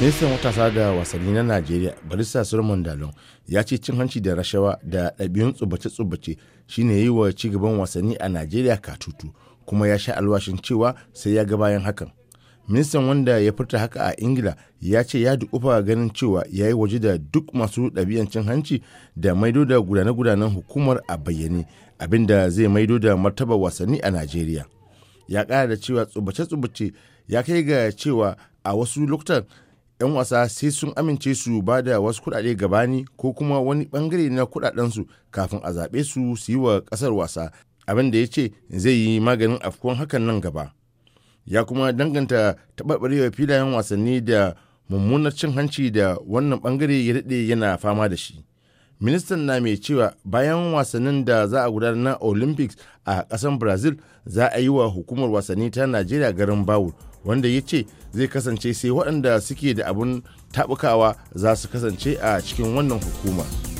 ministan matasa da wasanni na najeriya barista solomon dalon ya ce cin hanci da rashawa da ɗabi'un tsubace-tsubace shine yi wa cigaban wasanni a najeriya katutu kuma ya sha alwashin cewa sai ya ga bayan hakan ministan wanda ya furta haka a ingila ya ce ya dukufa ganin cewa ya yi waje da duk masu ɗabi'an cin hanci da maido da gudane-gudanen hukumar a bayyane abinda zai maido da martaba wasanni a najeriya ya ƙara da cewa tsubace-tsubace ya kai ga cewa a wasu lokutan 'yan wasa sai sun amince su ba da wasu kuɗaɗe gabani ko kuma wani bangare na kuɗaɗensu kafin a zaɓe su su yi wa ƙasar wasa abin da ya ce zai yi maganin afkuwan hakan nan gaba ya kuma danganta taɓaɓarewa filayen wasanni da mummunar cin hanci da wannan bangare ya daɗe yana fama da shi ministan na mai cewa bayan wasannin da za a gudanar na olympics a ƙasar brazil za a yi wa hukumar wasanni ta najeriya garin bawul wanda ya ce zai kasance sai waɗanda suke da abun taɓukawa za su kasance a cikin wannan hukuma.